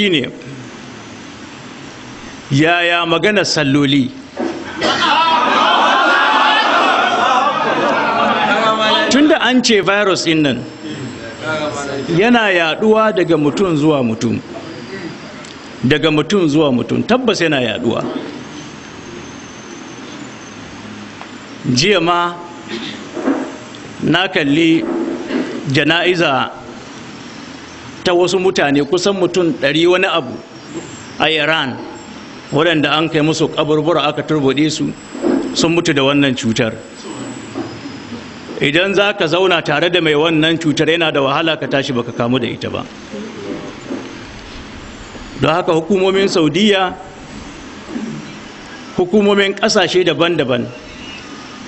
ne yaya magana salloli tunda an ce virus din nan yana yaduwa daga mutum zuwa mutum daga mutum zuwa mutum tabbas yana yaduwa jiya ma na kalli jana'iza ta wasu mutane kusan mutum ɗari wani abu a iran waɗanda an kai musu kaburbura aka turbuɗe su sun mutu da wannan cutar idan za ka zauna tare da mai wannan cutar yana da wahala ka tashi baka kamu da ita ba don haka hukumomin saudiya hukumomin ƙasashe daban-daban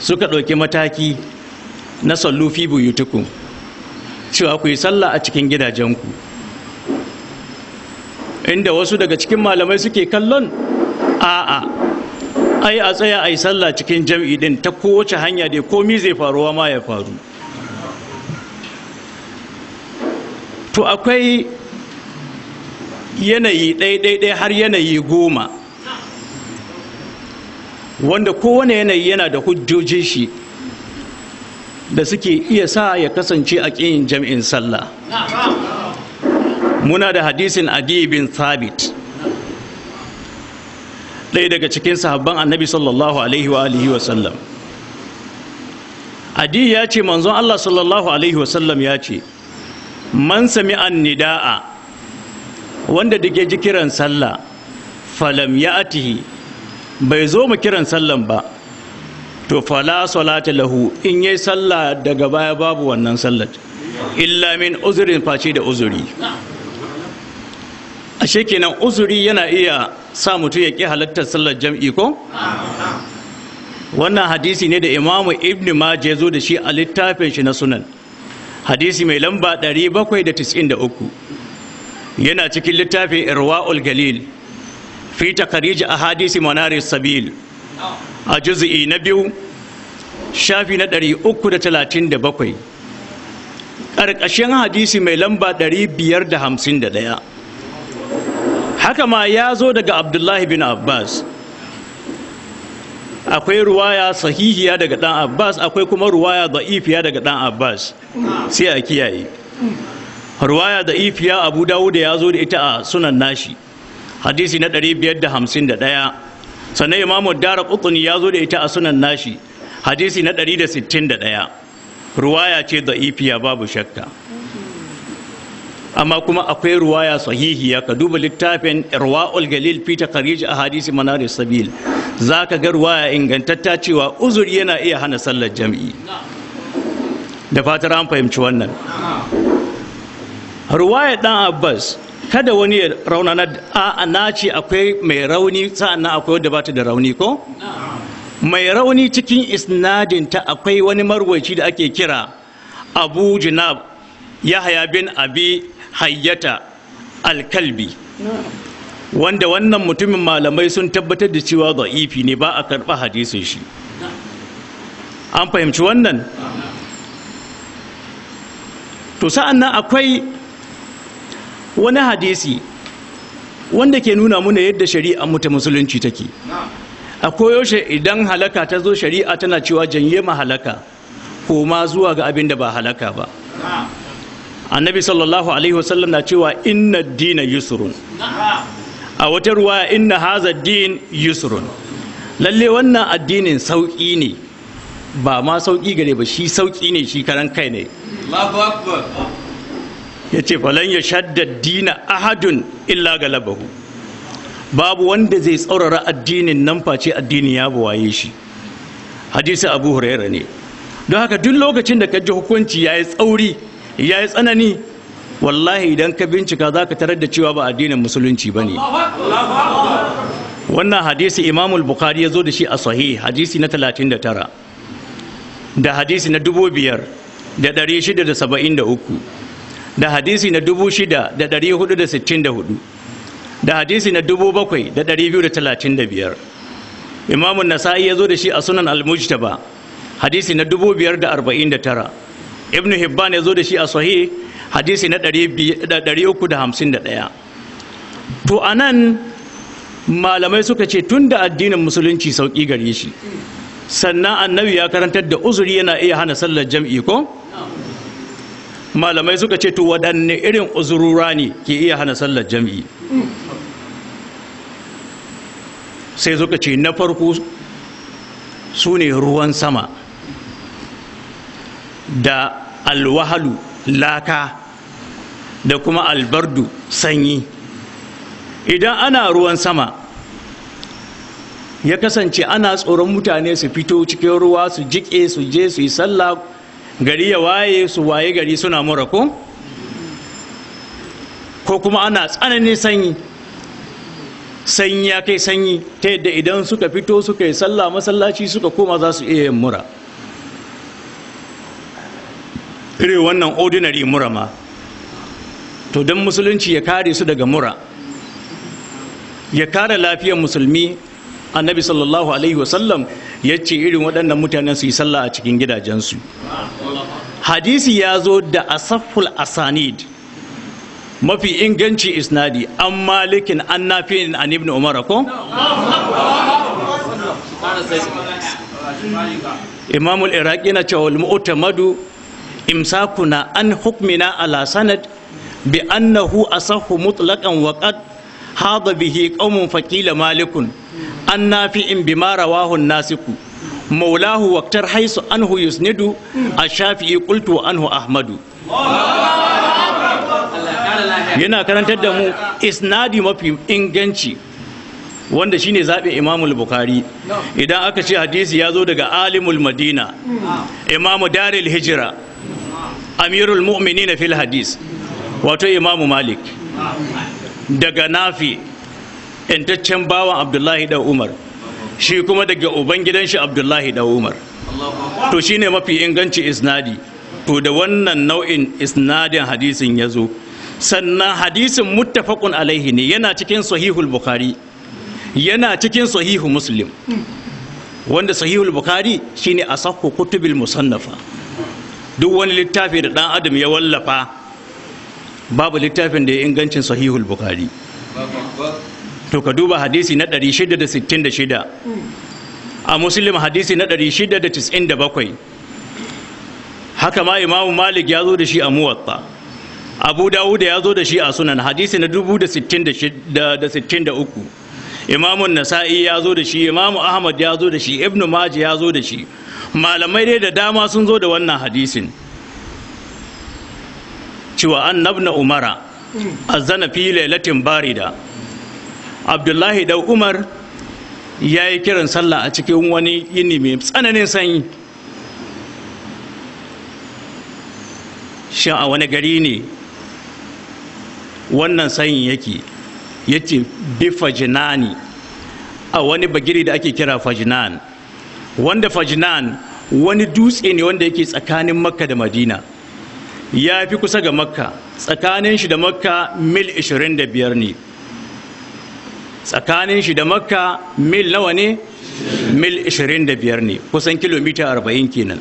suka ɗauki mataki na sallufi buyutukun cewa ku yi sallah a cikin gidajenku inda wasu daga cikin malamai suke kallon a'a ai a tsaya ai sallah cikin jam'i din ta kowace hanya dai komi zai faruwa ma ya faru to akwai yanayi ɗaiɗaiɗai har yanayi goma wanda kowane yanayi yana da hujjojin shi da suke iya sa ya kasance a ƙin jam'in sallah muna da hadisin adi bin thabit ɗaya daga cikin sahabban annabi sallallahu alaihi wa alihi wa sallam ya ce manzon Allah sallallahu alaihi wa sallam ya ce man sami an nida'a wanda da ji kiran sallah falam ya atihi bai zo mu kiran sallan ba to fala salata lahu in yayi sallah daga baya babu wannan sallar illa min uzurin face da uzuri ashe kenan uzuri yana iya sa mutum ya ƙi halartar sallar jam'i ko wannan hadisi ne da imamu ibn maja ya zo da shi a littafin shi na sunan hadisi mai lamba 793 yana cikin littafin irwa'ul galil fi takarij a hadisi manari sabil a juzi'i na biyu shafi na 337 ƙarƙashin hadisi mai lamba 551 haka ma ya zo daga abdullahi bin abbas akwai ruwaya sahihiya daga dan abbas akwai kuma ruwaya ifiya daga dan abbas sai a kiyaye ruwaya ifiya abu da ya zo da ita a sunan nashi hadisi na 551 sannan imamu dara kutsuni, ya zo da ita a sunan nashi hadisi na 161 ruwaya ce ifiya babu shakka amma kuma akwai ruwaya sahihiya ka duba littafin irwa'ul galil fita Kariji a hadisi manarar sabil za ka ga ruwaya ingantatta cewa uzuri yana iya hana sallar jam'i da fatar an fahimci wannan ruwaya dan abbas kada wani ya raunana a na ce akwai mai rauni sa'an akwai wadda ba da rauni ko mai rauni cikin isnadinta akwai wani marwaci da ake kira abu jinab yahaya bin abi hayyata alkalbi wanda wannan mutumin malamai sun tabbatar da cewa za'ifi ne ba a karɓa hadisin shi an fahimci wannan to sa'an akwai wani hadisi wanda ke nuna muna yadda shari'a mutu musulunci take a koyaushe idan halaka ta zo shari'a tana cewa janye ma halaka koma zuwa ga abinda ba halaka ba annabi sallallahu alaihi wasallam na cewa inna dina yusrun a wata ruwa inna haza din yusrun lalle wannan addinin sauƙi ne ba ma sauƙi gare ba shi sauƙi ne shi karan kai ne ya ce falon ya shadda dina ahadun illa galabahu babu wanda zai tsaurara addinin nan face addini ya buwaye shi hadisi abu huraira ne don haka duk lokacin da ka ji hukunci ya yi tsauri ya yi tsanani wallahi idan ka bincika za ka tarar da cewa ba addinin musulunci ba ne wannan hadisi imamul bukhari ya zo da shi a sahih hadisi na 39 da hadisi na 5673 da hadisi na 6464 da hadisi na 7235 imamun nasa'i ya zo da shi a sunan al-mujtaba hadisi na 5049 ibn hibban ya zo da shi a sahih hadisi na 351 to anan malamai suka ce tun da addinin musulunci sauƙi gare shi sannan annabi ya karantar da uzuri yana iya hana sallar jam'i ko malamai suka ce to waɗanne irin uzurura ne ke iya hana sallar jam'i sai suka ce na farko su ne ruwan sama da alwahalu laka da kuma albardu sanyi idan ana ruwan sama ya kasance ana tsoron mutane su fito cikin ruwa su jiƙe su je su yi sallah gari ya waye su waye gari suna mura ko ko kuma ana tsananin sanyi sanyi ya kai sanyi ta yadda idan suka fito suka yi sallah masallaci suka koma za su iya yin mura irin wannan ordinary mura ma to don musulunci ya kare su daga mura ya kare lafiyar musulmi annabi sallallahu alaihi wasallam ya ce irin waɗannan mutanen su yi sallah a cikin gidajensu hadisi ya zo da asaful asanid mafi inganci isnadi an malikin an nafi'in an ibn umar ko imamul iraqi na cewa al-murtala mu'tamadu imsakuna an hukmina ala sanad bi annahu asahu mutlaqan wa qad hada bihi qaumun faqila malikun an in bima rawahu nasiku maulahu waqtar haisu anhu yusnidu A shafii qultu anhu ahmadu yana karantar da mu isnadi mafi inganci wanda shine zaɓe imamul bukhari idan aka ce hadisi ya zo daga alimul madina imamu daril hijira amirul na fil hadis wato imamu malik daga nafi intaccen bawan abdullahi da umar shi kuma daga ubangidan shi abdullahi da umar to ne mafi inganci isnadi to da wannan nau'in isnadin hadisin ya zo sannan hadisin muttafaqun alaihi ne yana cikin sahihul bukhari yana cikin sahihu muslim wanda sahihul bukhari shine asahhu kutubil musannafa duk wani littafi da dan adam ya wallafa babu littafin da ya ingancin sahihul bukhari to ka duba hadisi na 666 a muslim hadisi na 697 haka ma imamu malik ya zo da shi a muwatta abu dawuda ya zo da shi a sunan hadisi na 663 imamun nasa'i ya zo da shi imamu ahmad ya zo da shi ibnu maji ya zo da shi malamai dai da dama sun zo da wannan hadisin cewa annabna umara azana fi lailatin barida abdullahi da umar ya yi kiran sallah a cikin wani yini mai tsananin sanyi shin a wani gari ne wannan sanyi yake yake bi fajinani a wani bagiri da ake kira fajinan wanda fajnan wani dutse ne wanda yake tsakanin makka da madina ya fi kusa ga makka tsakanin shi da makka mil 25 ne tsakanin shi da makka mil nawa ne mil 25 ne kusan kilomita 40 kenan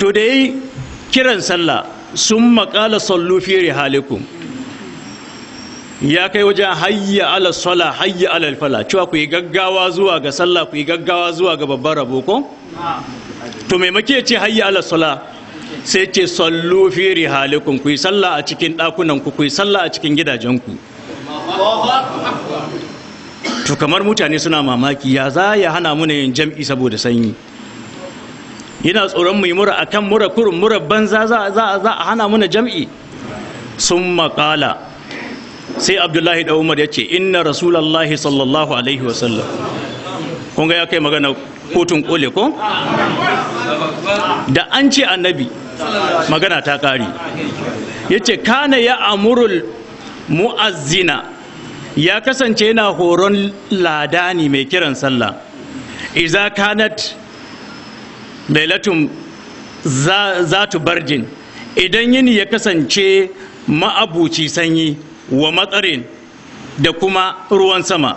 to da kiran sallah sun makala sallu fi rihalikum ya kai wajen hayya ala sola hayya ala alfala cewa ku yi gaggawa zuwa ga sallah ku yi gaggawa zuwa ga babbar rabo ko to mai make ce hayya ala sola sai ce sallu fi rihalikum ku yi sallah a cikin ɗakunan ku ku yi sallah a cikin gidajen ku to kamar mutane suna mamaki ya za ya hana mu yin jam'i saboda sanyi yana tsoron mai mura a kan mura kurun mura banza za a hana mu jam'i sun maƙala sai abdullahi da umar ya ce inna rasulallahi sallallahu alaihi wasallam kun ga ya kai magana kotun kole ko da an ce annabi magana ta kari ya ce kana ya amurul mu'azzina ya kasance yana horon ladani mai kiran sallah iza kanat lailatun za tu barjin idan yini ya kasance ma'abuci sanyi wa matsarin da kuma ruwan sama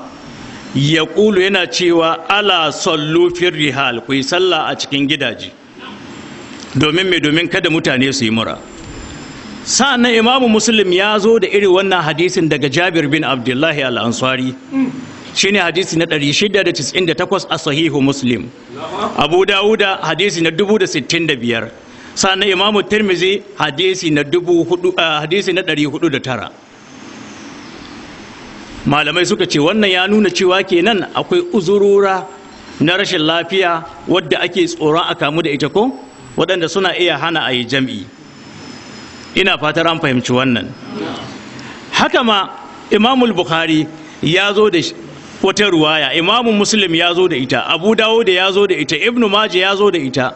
ya ƙulu yana cewa ala sallufin rihal ku yi sallah a cikin gidaje domin mai domin kada mutane su yi mura sa'an imamu muslim ya zo da iri wannan hadisin daga jabir bin abdullahi shi ne hadisi na 698 a sahihu muslim abu dawuda hadisi na 65 sa'an imamu tirmizi hadisi na 409 malamai suka ce wannan ya nuna cewa kenan akwai uzurura na rashin lafiya wadda ake tsoron a kamu da ita ko waɗanda suna iya hana a yi jam'i ina fatar an fahimci wannan haka ma imamul bukhari ya zo da wata ruwaya imamun muslim ya zo da ita abu dawo da ya zo da ita ibnu maji ya zo da ita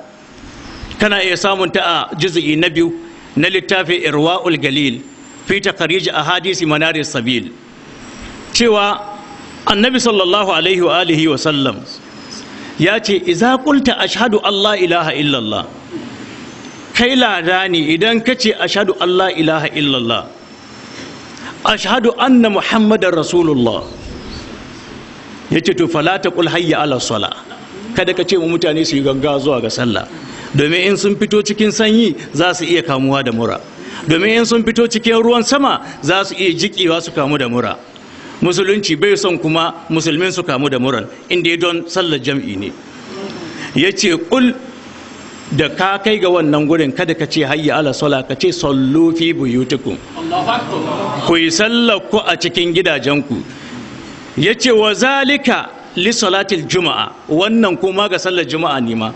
kana iya samun ta a juz'i na biyu na littafin irwa'ul galil fi a Hadisi manarin sabil cewa annabi sallallahu alaihi wa alihi wa sallam ya ce iza qulta ashhadu allah ilaha illallah kai lada ne idan ka ce ashhadu allah ilaha illallah ashhadu anna muhammadar rasulullah ya ce to fala ta qul hayya ala sala kada ka ce mu mutane su yi ganga zuwa ga sallah domin in sun fito cikin sanyi za su iya kamuwa da mura domin in sun fito cikin ruwan sama za su iya jikewa su kamu da mura musulunci bai son kuma musulmin su kamu da muran inda ya don sallar jam'i ne ya ce kul da ka kai ga wannan gurin kada ka ce hayya ala sola ka ce sallu fi ku yi sallar ku a cikin gidajenku ya ce wa zalika li salatil juma'a wannan kuma ga sallar juma'a ne ma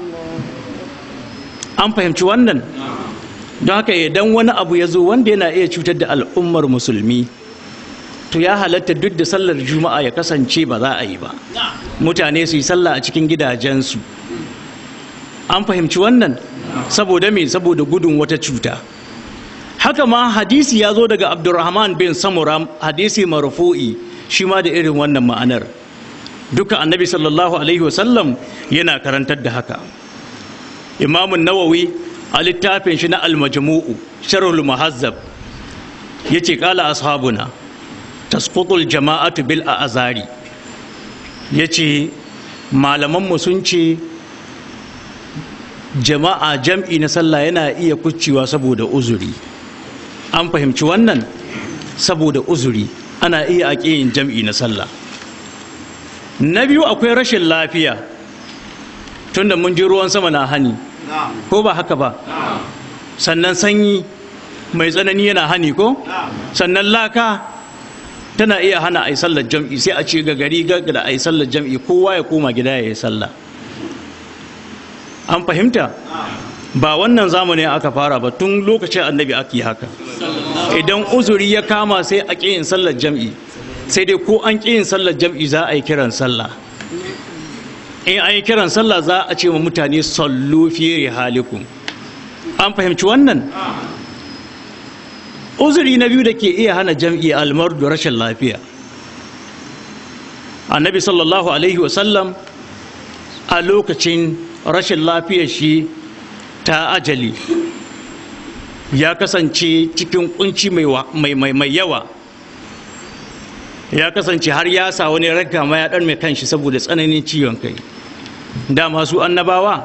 an fahimci wannan don haka idan wani abu ya zo wanda yana iya cutar da al'ummar musulmi to ya halatta duk da sallar juma'a ya kasance ba za a yi ba mutane su yi sallah a cikin gidajensu an fahimci wannan saboda me saboda gudun wata cuta haka ma hadisi ya zo daga abdurrahman bin samura hadisi marufo'i, shi ma da irin wannan ma'anar duka annabi sallallahu alaihi wasallam yana karantar da haka imamun nawawi a littafin shi na almajmu'u sharhul muhazzab yace kala ashabuna tasfutul jama'atu bil a'zari Ya malaman mu sun ce jama'a jam'i na sallah yana iya kucewa saboda uzuri an fahimci wannan saboda uzuri ana iya yin jam'i na sallah na biyu akwai rashin lafiya tunda mun ji ruwan sama na hani ko ba haka ba sannan sanyi mai tsanani yana hani ko sannan laka tana iya hana a yi sallar jam'i sai a ce ga gari ga a yi sallar jam'i kowa ya koma gida ya yi sallah an fahimta ba wannan zamani aka fara ba tun lokacin annabi ake haka idan uzuri ya kama sai a ƙi yin sallar jam'i sai dai ko an ƙi yin sallar jam'i za a yi kiran sallah in an yi kiran sallah za a ce ma mutane sallu fiye halikum an fahimci wannan uzuri na biyu da ke iya hana jam'i da rashin lafiya annabi sallallahu alaihi wasallam a lokacin rashin lafiya shi ta ajali ya kasance cikin kunci mai yawa ya kasance har ya sa wani raga ma ya dan mai kanshi saboda tsananin ciwon kai da masu annabawa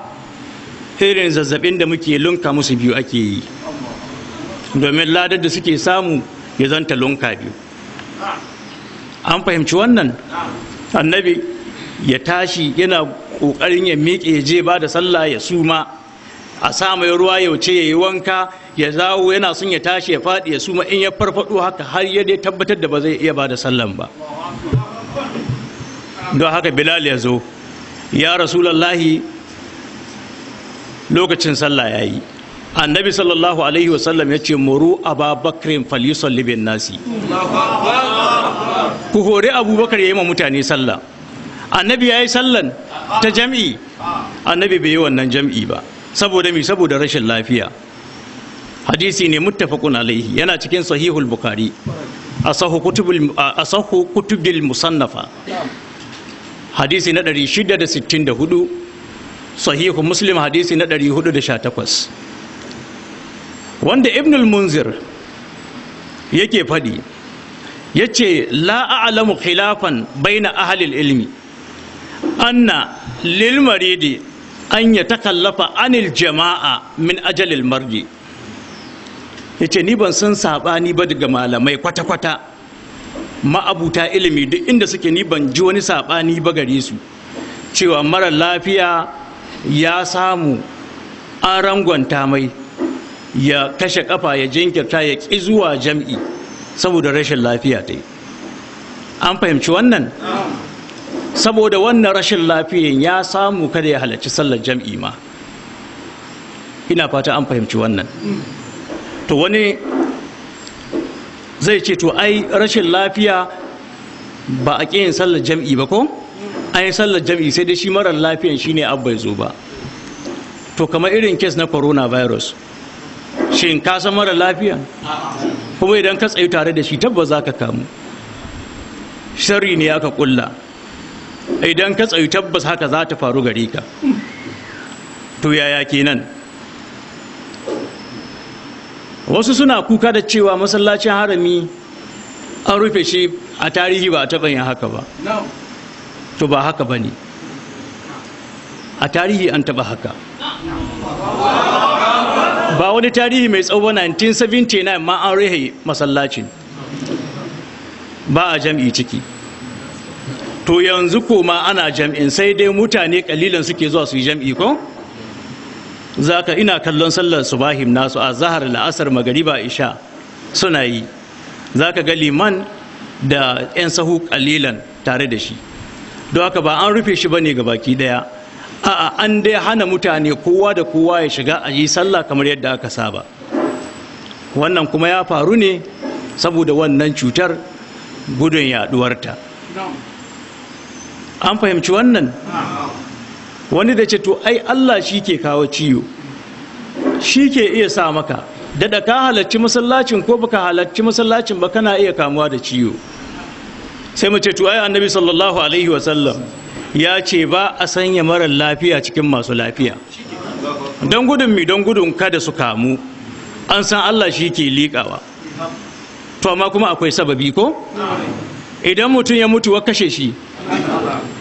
irin zazzabin da muke lunka musu biyu ake yi domin ladar da suke samu ya zanta lunka biyu an fahimci wannan annabi ya tashi yana kokarin ya miƙe ya je ba da sallah ya suma a sa mai ruwa ya wuce ya yi wanka ya zawo yana son ya tashi ya faɗi ya suma in ya farfaɗo haka har ya dai tabbatar da ba zai iya ba da sallan ba don haka bilal ya zo ya rasulallahi lokacin sallah ya yi annabi sallallahu alaihi wasallam ya ce muru ababakrin falisalli bin nasi ku hori abubakar ya yi ma mutane sallah annabi ya yi sallan ta jam'i annabi bai yi wannan jam'i ba saboda mi saboda rashin lafiya hadisi ne muttafaqun alaihi yana cikin sahihul bukhari asahu kutubul kutubil musannafa hadisi na 664 sahihu muslim hadisi na 418 wanda ibnul munzir yake faɗi ya ce la'alamu khilafan baina ahalil ilmi anna lilmaridi an ya takallafa anil jama'a min ajalil marji ya ce ni ban san saɓani ba daga malamai kwata-kwata ma'abuta ilimi duk inda suke ni ban ji wani saɓani ba gare su cewa mara lafiya ya samu an rangwanta mai ya kashe kafa ya jinkirta ya ki zuwa jam'i saboda rashin lafiya ta an fahimci wannan saboda wannan rashin lafiyan ya samu kada ya halarci sallar jam'i ma ina fata an fahimci wannan to wani zai ce to ai rashin lafiya ba a ƙi yin sallar jam'i ba ko an yi sallar jam'i sai dai shi marar lafiyan shine abba ya zo ba to kamar irin kes na coronavirus shin ka san mara lafiya kuma idan ka tsayi tare da shi tabbas za ka kamu shari ne ka kulla idan ka tsayi tabbas haka za ta faru gare ka to yaya kenan wasu suna kuka da cewa masallacin harami an rufe shi a tarihi ba a taɓa yin haka ba to ba haka ba ne a tarihi an taɓa haka ba wani tarihi mai tsawo 1979 ma an rehe masallacin ba a jam'i ciki to yanzu koma ana jam'in sai dai mutane kalilan suke zuwa su yi jam'i ko zaka ina kallon sallar subahim nasu a zahar la'asar magariba isha suna yi zaka ga liman da 'yan sahu kalilan tare da shi don haka ba an rufe shi bane ga baki daya a'a an dai hana mutane kowa da kowa ya shiga a yi sallah kamar yadda aka saba wannan kuma ya faru ne saboda wannan cutar gudun yaduwarta an fahimci wannan wani da ce to ai allah shi ke kawo ciwo shi ke iya sa maka da ka halarci masallacin ko baka halarci masallacin ba kana iya kamuwa da ciwo sai mace ce to ai annabi sallallahu alaihi wasallam ya ce ba a sanya marar lafiya cikin masu lafiya don gudun mi don gudun kada su kamu an san Allah shi ke liƙawa to amma kuma akwai sababi ko idan mutum ya mutu wa kashe shi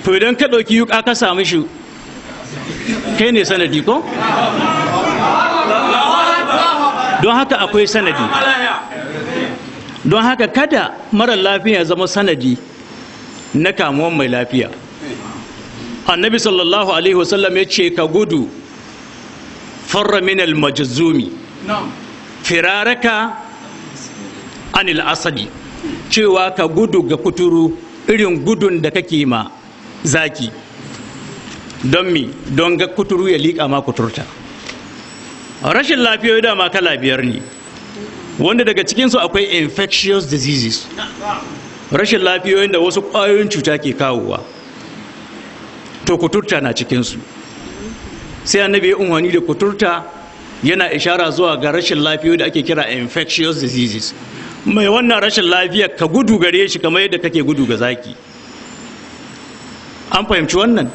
to idan ka ɗauki yuka ka samu shi kai ne sanadi ko don haka akwai sanadi don haka kada marar lafiya zama sanadi na kamuwan mai lafiya annabi sallallahu alaihi wasallam ya ce ka gudu farra minal majzumi firaraka anil asadi cewa ka gudu ga kuturu irin gudun da kake ma zaki don mi don ga kuturu ya liƙa ma kuturta rashin lafiyoyi dama kala biyar ne wanda daga cikinsu akwai infectious diseases rashin lafiyoyin da wasu ƙwayoyin cuta ke kawowa to kuturta na cikinsu sai annabi ya umarni da kuturta yana ishara zuwa ga rashin lafiya da ake kira infectious diseases mai wannan rashin lafiya ka gudu gare shi kamar yadda kake gudu ga zaki an fahimci wannan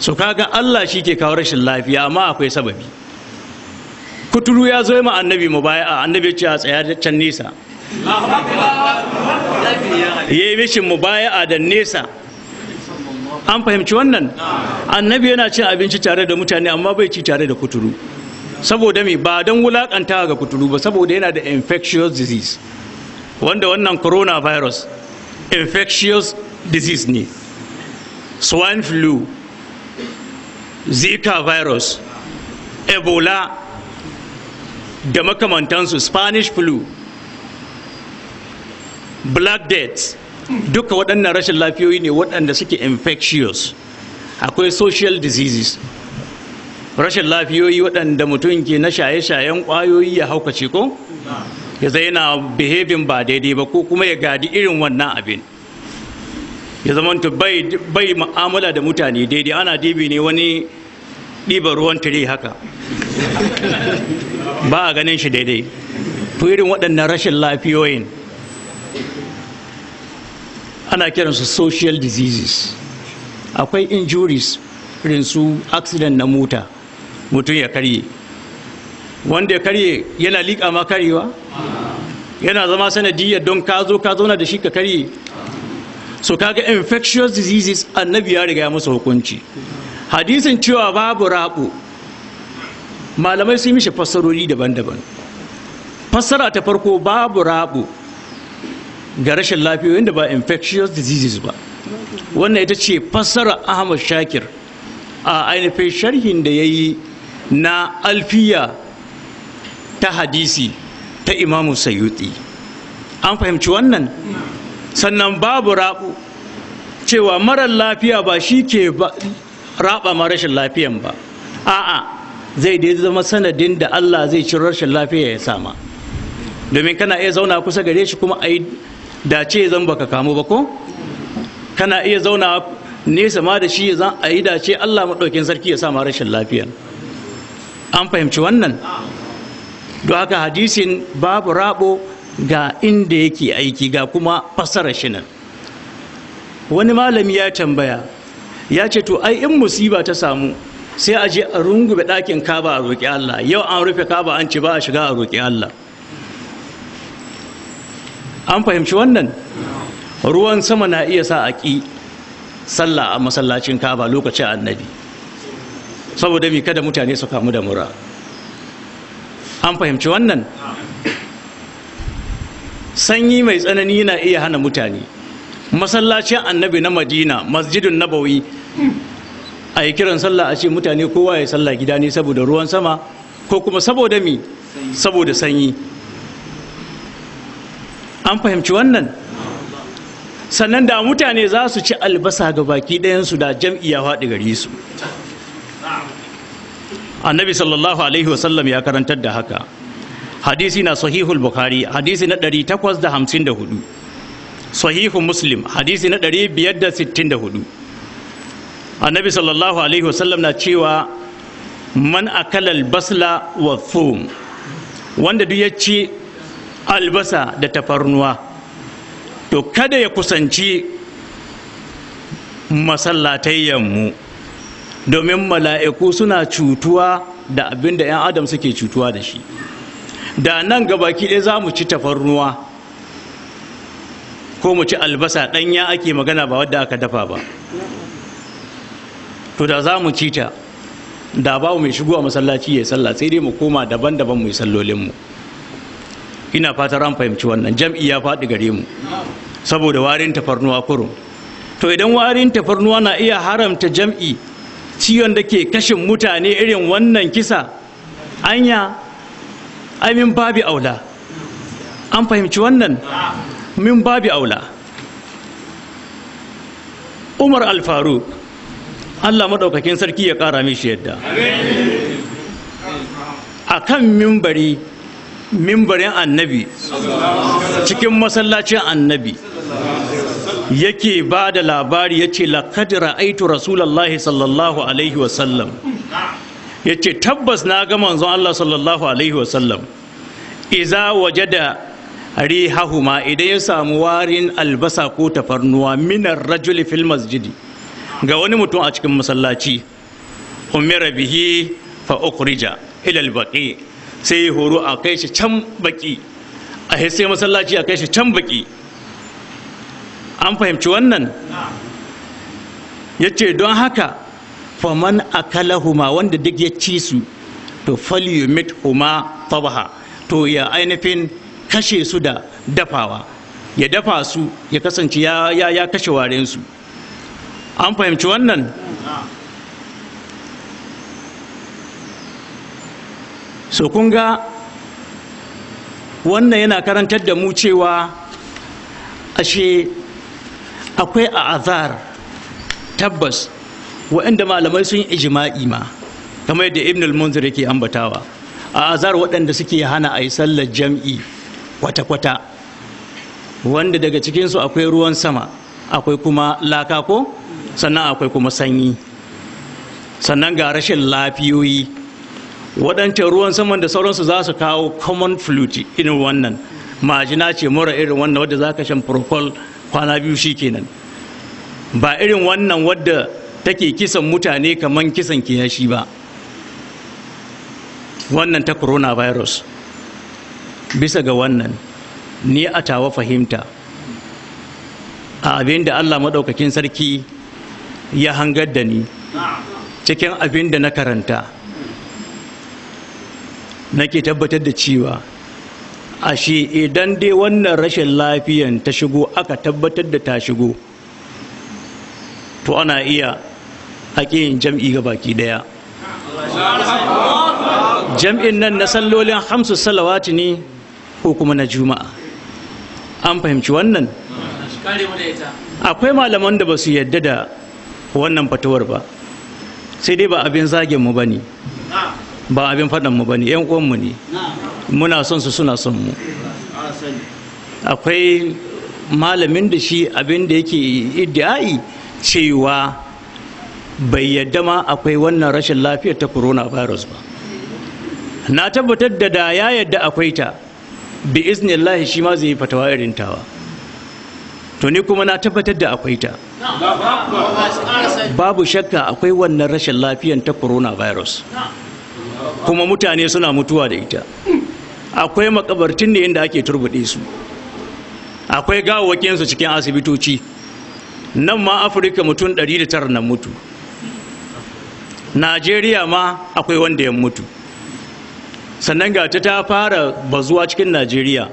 so kaga Allah shi ke kawo rashin lafiya amma akwai sababi kuturu ya zo ma annabi mu baya a annabi ce a tsaya can nesa yayi mishin mu baya a da nesa an fahimci wannan annabi yana cin abinci tare da mutane amma bai ci tare da kuturu saboda mai ba don wulakanta ga kuturu ba saboda yana da infectious disease wanda wannan coronavirus infectious disease ne swine flu zika virus ebola da makamantansu spanish flu black death duka waɗannan rashin lafiyoyi ne waɗanda suke infectious akwai social diseases rashin lafiyoyi waɗanda mutum ke na shaye-shayen ƙwayoyi ya haukace ko ya zai yana behaving ba daidai ba ko kuma ya gadi irin wannan abin ya zama bai ma'amala da mutane daidai ana dibi ne wani ɗiba ruwan tire haka ba a ganin shi daidai to irin waɗannan rashin lafiyoyin ana su social diseases akwai injuries irin accident na mota mutum ya karye wanda ya karye yana liƙa ma karyewa yana zama sanadiyar don ka zo ka zauna da shi ka karye so kaga infectious diseases annabi ya riga ya musu hukunci hadisin cewa babu rabu malamai sun mishi fassarori daban-daban fassara ta farko babu rabu ga rashin lafiyoyin da ba infectious diseases ba wannan ita ce fassara ahmad shakir a ainihin sharhin da ya yi na alfiya ta hadisi ta imamu sayuti an fahimci wannan sannan babu rabu cewa marar lafiya ba shi ke raba ma rashin lafiyan ba a'a zai dai zama sanadin da allah zai ci rashin lafiya ya sama domin kana iya zauna kusa gare shi kuma a yi da ce zan baka kamo ba ko kana iya zauna nesa ma da shi zan ayi yi dace Allah maɗaukin sarki ya sa rashin lafiya an fahimci wannan don haka hadisin babu rabo ga inda yake aiki ga kuma fassara shi nan wani malami ya tambaya ya ce to ai in musiba ta samu sai a je a rungube ɗakin kaba a roƙi Allah yau an rufe kaba an ci ba a shiga a roƙi Allah an fahimci wannan ruwan sama na iya sa a ƙi sallah a masallacin kaba lokacin annabi saboda mi kada mutane su kamu da mura an fahimci wannan sanyi mai tsanani na iya hana mutane masallacin annabi na madina masjidun nabawi a yi kiran sallah a ce mutane kowa ya sallah gida ne saboda ruwan sama ko kuma saboda mi saboda sanyi an fahimci wannan sannan da mutane za su ci albasa ga baki ɗayansu da jam'i ya faɗi gare su annabi sallallahu alaihi wasallam ya karantar da haka hadisi na sahihul bukhari hadisi na 854 sahihu muslim hadisi na 564 annabi sallallahu alaihi wasallam na cewa man akala basla wa thum wanda duk ya ci albasa da tafarnuwa to kada ya kusanci masallatayyanmu domin mala'iku suna cutuwa da abin da 'yan adam suke cutuwa da shi da nan gabaki ɗaya za mu ci tafarnuwa ko mu ci albasa ɗanya ake magana ba wadda aka dafa ba to da za mu ci ta da ba mai shigo a masallaci ya sallah sai dai mu koma daban-daban mu yi sallolinmu ina fatar an fahimci wannan jam'i ya faɗi gare mu saboda warin tafarnuwa kurum to idan warin tafarnuwa na iya haramta jam'i ciwon da ke kashin mutane irin wannan kisa anya min babi aula an fahimci wannan min babi aula umar alfaru allah maɗaukakin sarki ya ƙara mishi yadda a kan mimbari mimbarin annabi cikin masallacin annabi yake ba da labari ya ce laƙadira aitu rasulallah sallallahu alaihi wasallam ya ce tabbas na ga manzon Allah sallallahu alaihi wasallam iza waje da rihahuma idan ya samu warin albasa ko tafarnuwa minar rajuli fil masjidi ga wani mutum a cikin masallaci umira bihi fa ukhrija ila al sai yi horo a kai shi can baki a hesse masallaci a kai shi can baki an fahimci wannan ya ce don haka faman akala huma wanda duk ya ci su to falyumit huma tabaha to ya ainihin kashe su da dafawa ya dafa su ya kasance ya kashe warensu an fahimci wannan so kun ga wannan yana karantar da mu cewa ashe akwai a azar tabbas waɗanda malamai sun yi ijima'i ma kamar yadda ibn al-munzir yake ambatawa a azar waɗanda suke hana a yi sallar jam'i kwata-kwata wanda daga cikinsu akwai ruwan sama akwai kuma laka ko sannan akwai kuma sanyi sannan ga rashin lafiyoyi waɗancan ruwan saman da sauransu za su kawo common flute irin wannan majina ce mara irin wannan wadda za ka shan protocol kwana biyu shi kenan ba irin wannan wadda take kisan mutane kamar kisan kiyashi ba wannan ta coronavirus bisa ga wannan ni a tawa fahimta a abin da allah maɗaukakin sarki ya hangar da ni cikin abin da na karanta nake tabbatar da cewa ashe idan dai wannan rashin lafiyan ta shigo aka tabbatar da ta shigo to ana iya haƙin jam'i ga baki ɗaya jam'in nan na sallolin hamsu salawati ne ko kuma na juma'a an fahimci wannan akwai malaman da ba su yadda da wannan fatuwar ba sai dai ba abin zagenmu ba ne ba abin faɗan mu bane yan uwan mu ne muna son su suna son mu akwai malamin da shi abin da yake iddiai cewa bai yadda ma akwai wannan rashin lafiyar ta coronavirus ba na tabbatar da da ya yadda akwai ta bi iznillahi shi ma zai yi fatawa irin tawa to ni kuma na tabbatar da akwai ta babu shakka akwai wannan rashin lafiyar ta coronavirus virus kuma mutane suna mutuwa da ita akwai makabartin ne inda ake turbuɗe su akwai su cikin asibitoci nan ma afirka mutum 109 na mutu najeriya ma akwai wanda ya mutu sannan ga ta fara bazuwa cikin najeriya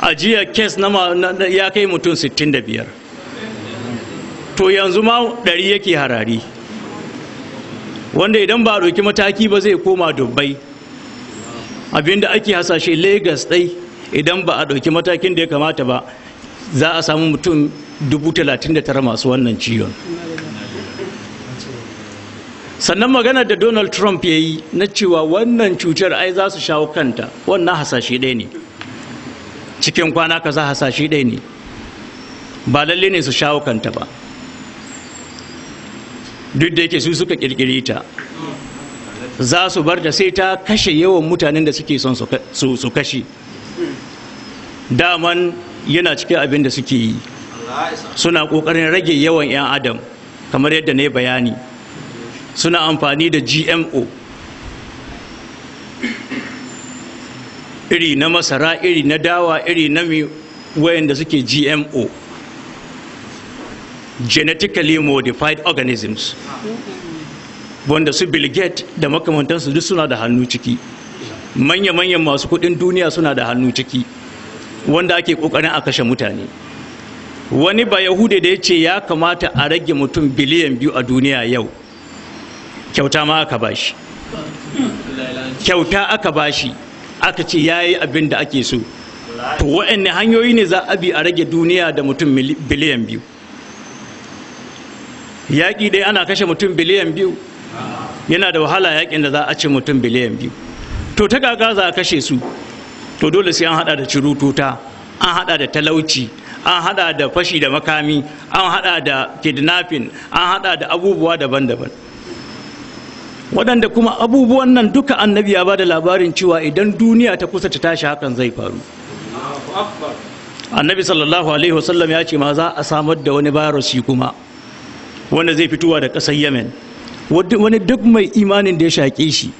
a jiya kes na ya kai mutum 65 to yanzu ma 100 yake harari wanda idan ba a ɗauki mataki ba zai koma dubbai abinda ake hasashe lagos ɗai idan ba a ɗauki matakin da ya kamata ba za a samu mutum 39 masu wannan ciwon sannan maganar da donald trump ya yi na cewa wannan cutar ai za su shawo kanta wannan hasashe ɗaya ne cikin kwana kaza hasashe ɗaya ne ba lalle ne su shawo kanta ba duk da yake su suka kirkiri ta za su bar da sai ta kashe yawan mutanen da suke son su kashe daman yana cikin abin da suke yi suna ƙoƙarin rage yawan 'yan adam kamar yadda na yi bayani suna amfani da gmo iri na masara iri na dawa iri na wayanda suke gmo genetically modified organisms wanda su bill da makamantansu duk suna da hannu ciki manya-manyan masu kudin duniya suna da hannu ciki wanda ake kokarin a kashe mutane wani ba yahude da ya ce ya kamata a rage mutum biliyan biyu a duniya yau kyauta ma aka bashi kyauta aka bashi aka ce ya yi abin da ake so to waɗanne hanyoyi ne za a bi a rage duniya da mutum biliyan biyu yaƙi dai ana kashe mutum biliyan biyu yana da wahala yaƙin da za a ce mutum biliyan biyu to ta kaka za a kashe su to dole sai an haɗa da cirututa an haɗa da talauci an hada da fashi da makami an haɗa da kidnapping an haɗa da abubuwa daban-daban waɗanda kuma abubuwan nan duka annabi ya ba labarin cewa idan duniya ta kusa ta tashi hakan zai faru annabi sallallahu alaihi wasallam ya ce ma za a samar da wani barasi kuma wanda zai fitowa da ƙasar yemen wani duk mai imanin da ya shaƙe shi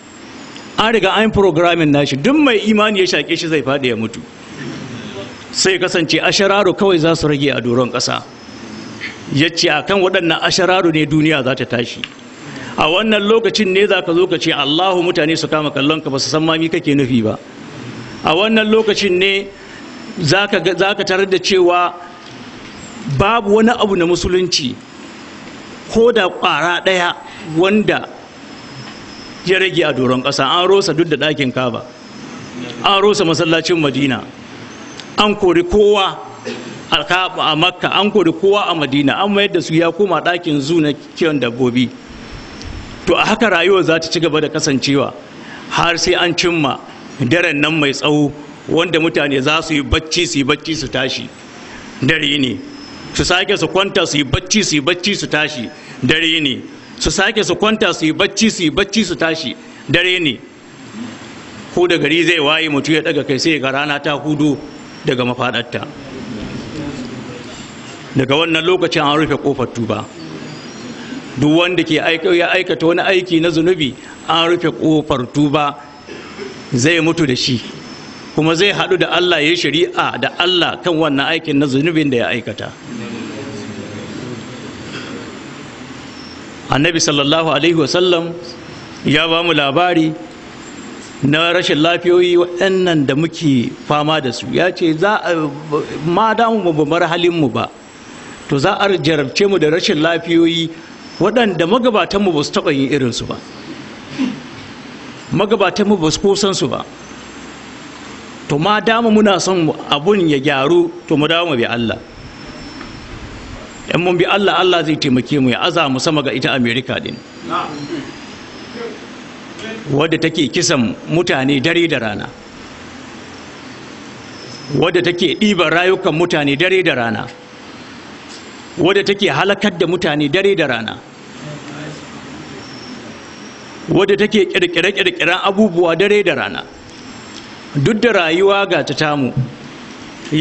an riga an programin nashi duk mai imani ya shaƙe shi zai faɗi ya mutu sai kasance ashararu kawai za su rage a doron ƙasa ya ce a kan waɗannan ashararu ne duniya za ta tashi a wannan lokacin ne za ka zo ka ce allahu mutane su kama kallon ka ba su san mami kake nufi ba a wannan lokacin ne za ka tarar da cewa babu wani abu na musulunci ko da ƙwara ɗaya wanda ya rage a doron ƙasa an rosa duk da ɗakin kaba an rosa masallacin madina an kori kowa a makka an kori kowa a madina an mayar da su ya koma ɗakin zu na kiyon dabbobi to a haka rayuwa za ta ci gaba da kasancewa har sai an cimma daren nan mai tsawo wanda mutane za su yi bacci su yi bacci su tashi dare ne su sake su kwanta su yi bacci su yi bacci su tashi dare ne su sake su kwanta su yi bacci su yi bacci su tashi dare ne ko da gari zai waye mutu ya daga kai sai ga rana ta hudu daga mafadarta daga wannan lokacin an rufe kofar tuba duk wanda ke ya aikata wani aiki na zunubi an rufe kofar tuba zai mutu da shi kuma zai haɗu da Allah ya shari'a da Allah kan wannan aikin na zunubin da ya aikata annabi sallallahu alaihi wasallam ya ba mu labari na rashin lafiyoyi waɗannan da muke fama da su ya ce za ma damu ba bar halinmu ba to za a jarabce mu da rashin lafiyoyi waɗanda magabatanmu ba su taɓa yin irinsu ba magabatanmu ba su kosan su ba to ma dama muna son abun ya gyaru to mu damu bi Allah Yan mun bi Allah Allah zai taimake mu ya aza mu sama ga ita America din wadda take kisan mutane dare da rana wadda take ɗiban rayukan mutane dare da rana wadda take halakar da mutane dare da rana wadda take ƙirƙire-ƙirƙiren abubuwa dare da rana duk da rayuwa ga ta tamu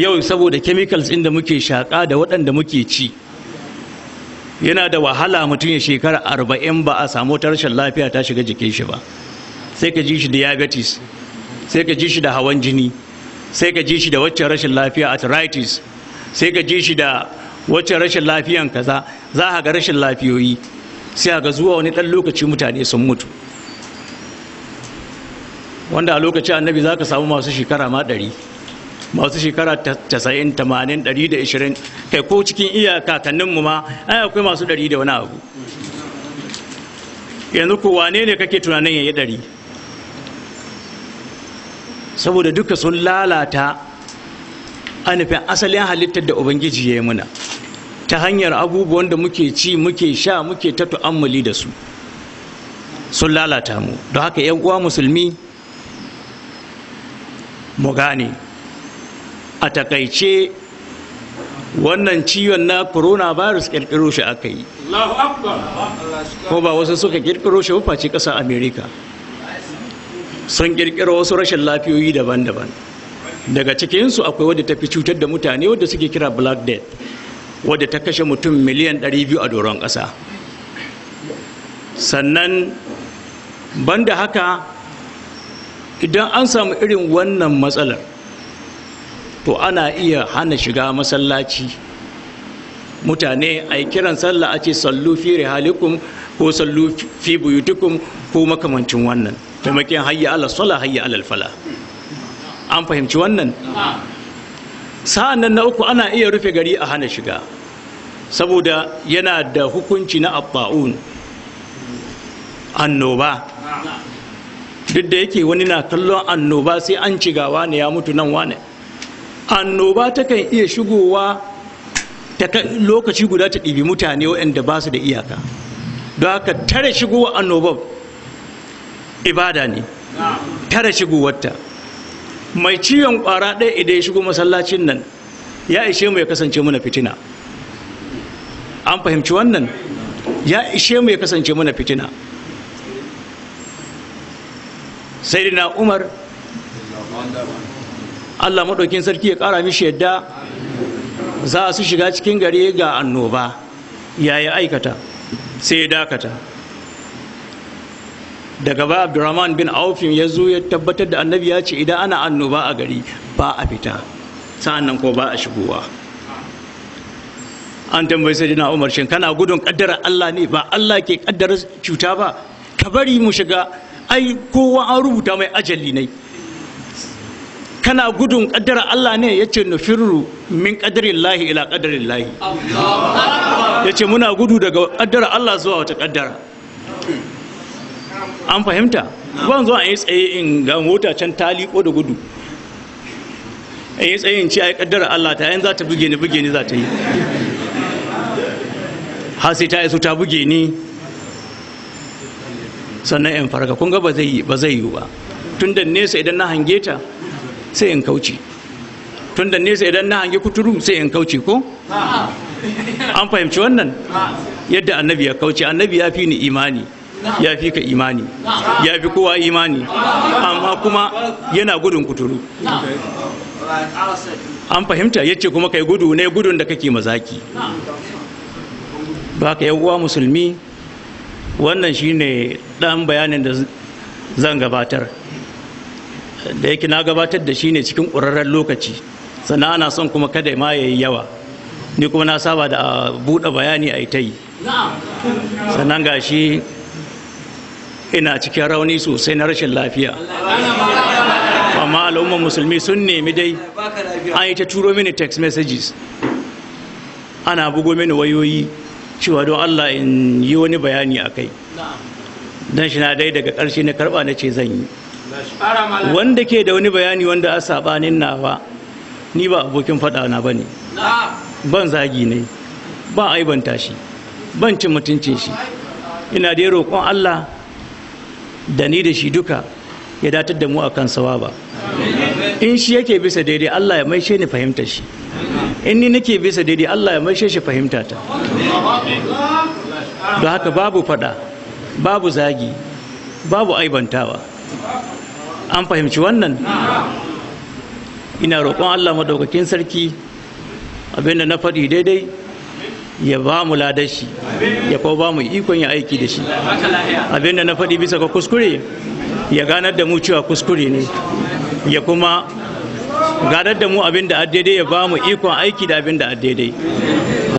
yau saboda chemicals inda muke shaƙa da waɗanda muke ci yana da wahala mutum ya shekara arba'in ba a samu ta rashin lafiya ta shiga jikin shi ba sai ka ji shi diabetes sai ka ji shi da hawan jini sai ka ji shi da waccan rashin lafiya arthritis sai ka ji shi da waccan rashin lafiyan kaza za a ga rashin lafiyoyi sai a ga zuwa wani ɗan lokaci mutane sun mutu wanda a lokaci annabi za ka samu masu shekara ma ɗari masu shekara tamanin dari da ishirin kai ko cikin iya kakanninmu ma ai akwai masu ɗari da wani abu yanzu ko wane ne kake tunanin yayi ɗari saboda duka sun lalata anufin asalin halittar da ubangiji ya yi muna ta hanyar abubuwan da muke ci muke sha muke ta tu'ammuli da su sun lalata mu don haka 'yan uwa musulmi mu gane a takaice wannan ciwon na coronavirus kirkiro shi aka yi ko ba wasu suka kirkiro shi wufa ce america sun kirkiro wasu rashin lafiyoyi daban-daban daga cikinsu akwai wadda ta fi cutar da mutane wadda suke kira black death wadda ta kashe mutum miliyan 200 a doron ƙasa sannan banda haka idan an samu irin wannan matsalar to ana iya hana shiga masallaci mutane a yi kiran sallah a ce sallu fi rihalikum ko sallu fi buyutikum ko makamancin wannan taimakon hayya ala sala hayya ala fala an fahimci wannan sa'an nan na uku ana iya rufe gari a hana shiga saboda yana da hukunci na abba'un annoba duk da yake wani na kallon annoba sai an cigawa ne ya mutu nan wane annoba kan iya shigowa lokaci guda ta ɗibi mutane waɗanda ba su da iyaka don haka tare shigowa annobar ibada ne tare shigowarta mai ciwon ƙwara ɗaya idan ya shigo masallacin nan ya ishe mu ya kasance muna fitina an fahimci wannan ya ishe mu ya kasance muna fitina sai na umar Allah maɗaukin sarki ya ƙara mishi yadda za su shiga cikin gare ga annoba Ya yi aikata sai ya dakata daga ba abdurrahman bin aufin ya zo ya tabbatar da annabi ya ce idan ana annoba a gari ba a fita sa'an nan ko ba a shigowa an tambayi sai dina umar shin kana gudun kaddara Allah ne ba Allah ke kaddara cuta ba ka bari mu shiga ai kowa an rubuta mai ajali ne kana gudun kaddara Allah ne ya ce nufiru min kaddarin lahi ila kaddarin lahi ya ce muna gudu daga kaddara Allah zuwa wata kaddara an fahimta ban zuwa yi tsaye in ga mota can tali ko da gudu a yi tsaye in ci a yi kaddara Allah ta yin za ta buge ni buge ni za ta yi har sai ta iso ta buge ni sannan in farga kun ga ba zai yi ba tun da nesa idan na hange ta sai in kauce tun da nesa idan na hangi kuturu sai in kauce ko an fahimci wannan yadda annabi ya kauce annabi ya fi ni imani ya fi ka imani ya fi kowa imani amma kuma yana gudun kuturu an fahimta ya ce kuma kai gudu ne gudun da kake mazaki ba ka uwa musulmi wannan shine dan bayanin da zan gabatar da yake na gabatar da shi ne cikin ƙurarren lokaci sannan ana son kuma kada ma ya yi yawa ni kuma na saba da ah, buɗe bayani a ita yi sannan ga shi ina cikin rauni sosai na rashin lafiya amma al'ummar musulmi sun nemi dai an yi ta turo mini text messages ana bugo mini wayoyi cewa don allah in yi wani bayani a kai don shi na dai daga ƙarshe na karɓa na ce zan yi wanda ke da wani bayani wanda a sabanin nawa ni ba abokin fada na ba ne ban zagi ne ba aibanta shi ban cin mutuncin shi ina dai roƙon Allah da ni da shi duka ya datar da mu a kan sawa ba. in shi yake bisa daidai Allah ya maishe ni fahimta shi in ni nake bisa daidai Allah ya maishe shi fahimta ta don haka babu faɗa babu zagi babu aibantawa an fahimci wannan ina roƙon allah madaukakin sarki abinda na faɗi daidai ya ba mu ladashi ya kuma ba mu ikon ya aiki da shi abinda na faɗi bisa ga kuskure ya ganar da mu cewa kuskure ne ya kuma ganar da mu abinda daidai ya ba mu ikon aiki da abinda daidai